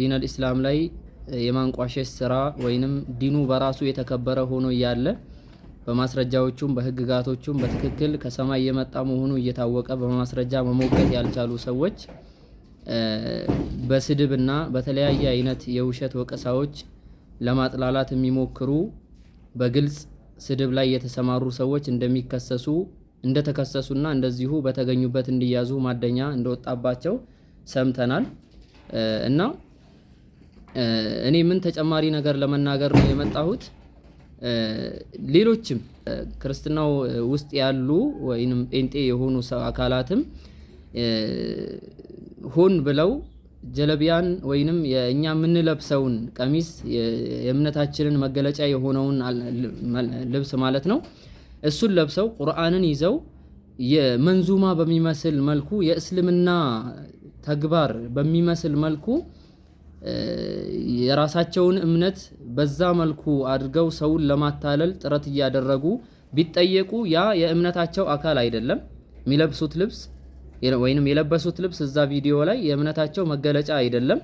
ዲን ኢስላም ላይ የማንቋሸሽ ስራ ወይንም ዲኑ በራሱ የተከበረ ሆኖ እያለ በማስረጃዎቹም በህግጋቶቹም በትክክል ከሰማይ የመጣ መሆኑ እየታወቀ በማስረጃ መሞገት ያልቻሉ ሰዎች በስድብና በተለያየ አይነት የውሸት ወቀሳዎች ለማጥላላት የሚሞክሩ በግልጽ ስድብ ላይ የተሰማሩ ሰዎች እንደሚከሰሱ እንደተከሰሱና እንደዚሁ በተገኙበት እንዲያዙ ማደኛ እንደወጣባቸው ሰምተናል እና እኔ ምን ተጨማሪ ነገር ለመናገር ነው የመጣሁት። ሌሎችም ክርስትናው ውስጥ ያሉ ወይንም ጴንጤ የሆኑ አካላትም ሆን ብለው ጀለቢያን ወይንም የእኛ የምንለብሰውን ቀሚስ የእምነታችንን መገለጫ የሆነውን ልብስ ማለት ነው። እሱን ለብሰው ቁርአንን ይዘው የመንዙማ በሚመስል መልኩ የእስልምና ተግባር በሚመስል መልኩ የራሳቸውን እምነት በዛ መልኩ አድርገው ሰውን ለማታለል ጥረት እያደረጉ ቢጠየቁ ያ የእምነታቸው አካል አይደለም። የሚለብሱት ልብስ ወይንም የለበሱት ልብስ እዛ ቪዲዮ ላይ የእምነታቸው መገለጫ አይደለም።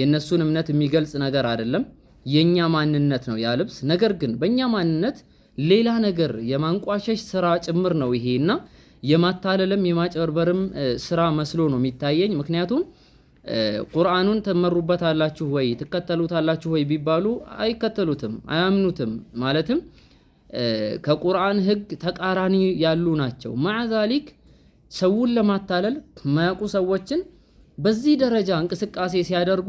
የእነሱን እምነት የሚገልጽ ነገር አይደለም። የኛ ማንነት ነው ያ ልብስ። ነገር ግን በእኛ ማንነት ሌላ ነገር የማንቋሸሽ ስራ ጭምር ነው ይሄና የማታለልም የማጭበርበርም ስራ መስሎ ነው የሚታየኝ ምክንያቱም ቁርአኑን ትመሩበታላችሁ ወይ ትከተሉታላችሁ ወይ ቢባሉ አይከተሉትም፣ አያምኑትም። ማለትም ከቁርአን ህግ ተቃራኒ ያሉ ናቸው። ማዕዛሊክ ሰውን ለማታለል ማያውቁ ሰዎችን በዚህ ደረጃ እንቅስቃሴ ሲያደርጉ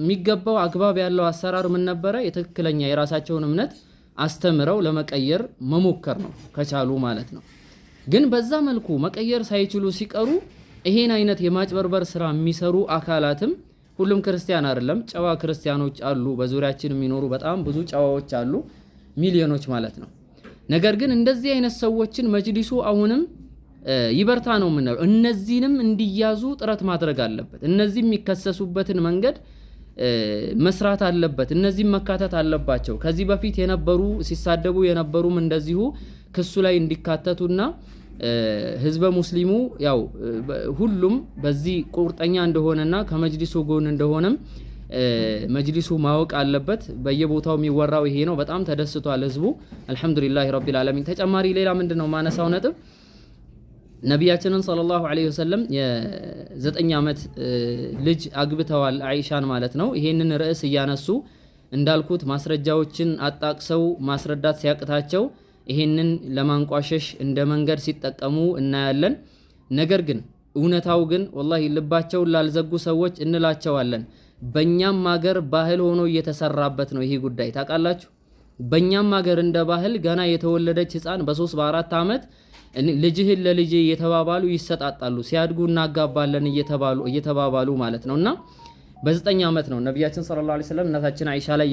የሚገባው አግባብ ያለው አሰራር ምን ነበረ? የትክክለኛ የራሳቸውን እምነት አስተምረው ለመቀየር መሞከር ነው፣ ከቻሉ ማለት ነው። ግን በዛ መልኩ መቀየር ሳይችሉ ሲቀሩ ይሄን አይነት የማጭበርበር ስራ የሚሰሩ አካላትም ሁሉም ክርስቲያን አይደለም፣ ጨዋ ክርስቲያኖች አሉ። በዙሪያችን የሚኖሩ በጣም ብዙ ጨዋዎች አሉ፣ ሚሊዮኖች ማለት ነው። ነገር ግን እንደዚህ አይነት ሰዎችን መጅሊሱ አሁንም ይበርታ ነው የምንለው። እነዚህንም እንዲያዙ ጥረት ማድረግ አለበት። እነዚህ የሚከሰሱበትን መንገድ መስራት አለበት። እነዚህም መካተት አለባቸው። ከዚህ በፊት የነበሩ ሲሳደቡ የነበሩም እንደዚሁ ክሱ ላይ እንዲካተቱና ህዝበ ሙስሊሙ ያው ሁሉም በዚህ ቁርጠኛ እንደሆነና ከመጅሊሱ ጎን እንደሆነም መጅሊሱ ማወቅ አለበት። በየቦታው የሚወራው ይሄ ነው። በጣም ተደስቷል ህዝቡ። አልሐምዱሊላህ ረቢል ዓለሚን። ተጨማሪ ሌላ ምንድን ነው ማነሳው ነጥብ ነቢያችንን ሰለላሁ ዐለይሂ ወሰለም የዘጠኝ ዓመት ልጅ አግብተዋል፣ አይሻን ማለት ነው። ይሄንን ርዕስ እያነሱ እንዳልኩት ማስረጃዎችን አጣቅሰው ማስረዳት ሲያቅታቸው ይሄንን ለማንቋሸሽ እንደ መንገድ ሲጠቀሙ እናያለን። ነገር ግን እውነታው ግን ወላሂ ልባቸውን ላልዘጉ ሰዎች እንላቸዋለን። በእኛም ሀገር ባህል ሆኖ እየተሰራበት ነው ይሄ ጉዳይ ታውቃላችሁ። በእኛም ሀገር እንደ ባህል ገና የተወለደች ህፃን በሶስት በአራት ዓመት ልጅህን ለልጅ እየተባባሉ ይሰጣጣሉ። ሲያድጉ እናጋባለን እየተባባሉ ማለት ነው እና በዘጠኝ ዓመት ነው ነቢያችን ሰለላሁ ዐለይሂ ወሰለም እናታችን አይሻ ላይ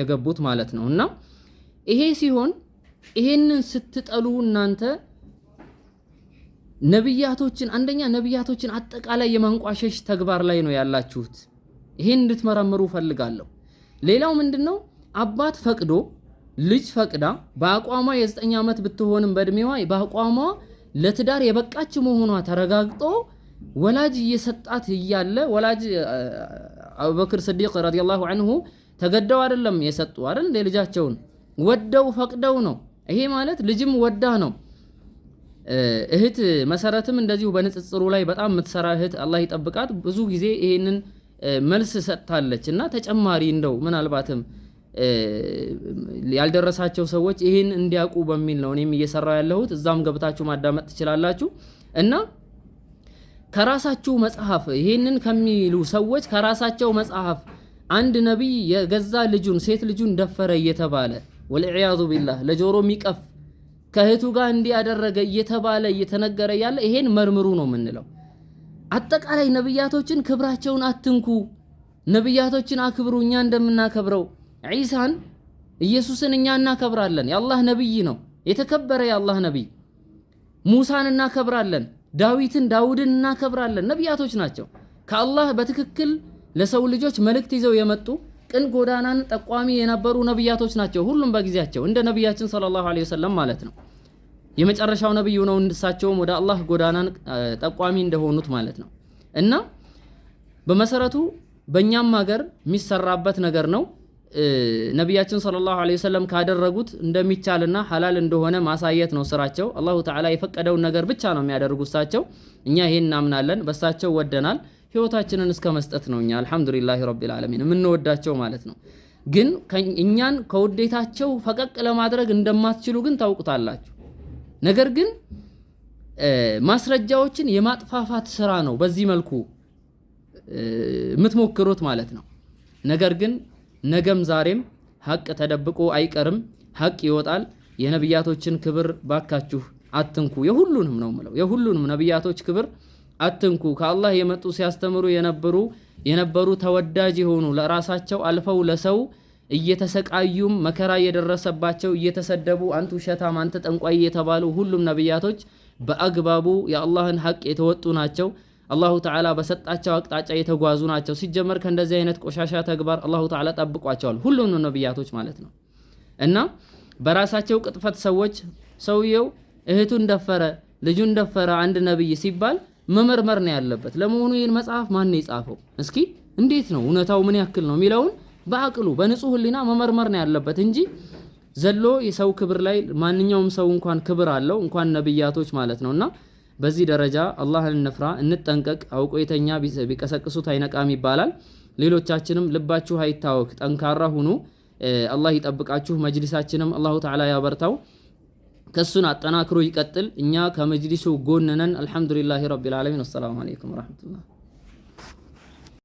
የገቡት ማለት ነው እና ይሄ ሲሆን ይሄንን ስትጠሉ እናንተ ነብያቶችን አንደኛ ነብያቶችን አጠቃላይ የማንቋሸሽ ተግባር ላይ ነው ያላችሁት። ይሄን እንድትመረምሩ ፈልጋለሁ። ሌላው ምንድነው አባት ፈቅዶ ልጅ ፈቅዳ በአቋሟ የዘጠኝ ዓመት ብትሆንም በእድሜዋ በአቋሟ ለትዳር የበቃች መሆኗ ተረጋግጦ ወላጅ እየሰጣት እያለ ወላጅ አቡበክር ስዲቅ ረዲየላሁ አንሁ ተገደው አይደለም የሰጡ አይደል? ልጃቸውን ወደው ፈቅደው ነው ይሄ ማለት ልጅም ወዳህ ነው። እህት መሰረትም እንደዚሁ በንጽጽሩ ላይ በጣም የምትሰራ እህት አላህ ይጠብቃት። ብዙ ጊዜ ይሄንን መልስ ሰጥታለች እና ተጨማሪ እንደው ምናልባትም ያልደረሳቸው ሰዎች ይህን እንዲያውቁ በሚል ነው እኔም እየሰራ ያለሁት። እዛም ገብታችሁ ማዳመጥ ትችላላችሁ እና ከራሳችሁ መጽሐፍ ይሄንን ከሚሉ ሰዎች ከራሳቸው መጽሐፍ አንድ ነቢይ የገዛ ልጁን ሴት ልጁን ደፈረ እየተባለ ወልዕያዙ ቢላህ ለጆሮ የሚቀፍ ከእህቱ ጋር እንዲያደረገ ያደረገ እየተባለ እየተነገረ ያለ ይሄን መርምሩ ነው የምንለው። አጠቃላይ ነብያቶችን ክብራቸውን አትንኩ፣ ነብያቶችን አክብሩ እኛ እንደምናከብረው። ዒሳን ኢየሱስን እኛ እናከብራለን። የአላህ ነብይ ነው፣ የተከበረ የአላህ ነብይ። ሙሳን እናከብራለን፣ ዳዊትን ዳውድን እናከብራለን። ነብያቶች ናቸው ከአላህ በትክክል ለሰው ልጆች መልእክት ይዘው የመጡ ቅን ጎዳናን ጠቋሚ የነበሩ ነቢያቶች ናቸው። ሁሉም በጊዜያቸው እንደ ነቢያችን ሰለላሁ ዐለይሂ ወሰለም ማለት ነው። የመጨረሻው ነቢይ ነው። እሳቸውም ወደ አላህ ጎዳናን ጠቋሚ እንደሆኑት ማለት ነው። እና በመሰረቱ በእኛም ሀገር የሚሰራበት ነገር ነው። ነቢያችን ሰለላሁ ዐለይሂ ወሰለም ካደረጉት እንደሚቻልና ሐላል እንደሆነ ማሳየት ነው ስራቸው። አላሁ ተዓላ የፈቀደውን ነገር ብቻ ነው የሚያደርጉ እሳቸው። እኛ ይሄን እናምናለን፣ በእሳቸው ወደናል። ህይወታችንን እስከ መስጠት ነው። እኛ አልሐምዱሊላህ ረቢል ዓለሚን የምንወዳቸው ማለት ነው። ግን እኛን ከውዴታቸው ፈቀቅ ለማድረግ እንደማትችሉ ግን ታውቁታላችሁ። ነገር ግን ማስረጃዎችን የማጥፋፋት ስራ ነው በዚህ መልኩ የምትሞክሩት ማለት ነው። ነገር ግን ነገም ዛሬም ሀቅ ተደብቆ አይቀርም፣ ሀቅ ይወጣል። የነቢያቶችን ክብር ባካችሁ አትንኩ። የሁሉንም ነው ምለው የሁሉንም ነቢያቶች ክብር አትንኩ። ከአላህ የመጡ ሲያስተምሩ የነበሩ የነበሩ ተወዳጅ የሆኑ ለራሳቸው አልፈው ለሰው እየተሰቃዩም መከራ የደረሰባቸው እየተሰደቡ አንተ ውሸታም፣ አንተ ጠንቋይ የተባሉ ሁሉም ነብያቶች በአግባቡ የአላህን ሐቅ የተወጡ ናቸው። አላሁ ተዓላ በሰጣቸው አቅጣጫ የተጓዙ ናቸው። ሲጀመር ከእንደዚህ አይነት ቆሻሻ ተግባር አላሁ ተዓላ ጠብቋቸዋል፣ ሁሉም ነብያቶች ማለት ነው። እና በራሳቸው ቅጥፈት ሰዎች ሰውየው እህቱን ደፈረ፣ ልጁን ደፈረ አንድ ነብይ ሲባል መመርመር ነው ያለበት። ለመሆኑ ይህን መጽሐፍ ማን የጻፈው? እስኪ እንዴት ነው እውነታው ምን ያክል ነው የሚለውን በአቅሉ በንጹህ ህሊና መመርመር ነው ያለበት እንጂ ዘሎ የሰው ክብር ላይ ማንኛውም ሰው እንኳን ክብር አለው እንኳን ነብያቶች ማለት እና በዚህ ደረጃ አላህን እንፍራ፣ እንጠንቀቅ። አውቆ የተኛ ቢቀሰቅሱት አይነቃም ይባላል። ሌሎቻችንም ልባችሁ አይታወክ፣ ጠንካራ ሁኑ። አላህ ይጠብቃችሁ። መጅሊሳችንም አላሁ ተዓላ ያበርታው። ከሱን አጠናክሮ ይቀጥል። እኛ ከመጅሊሱ ጎን ነን። አልሐምዱሊላሂ ረቢል ዓለሚን። አሰላሙ አለይኩም ወረሕመቱላህ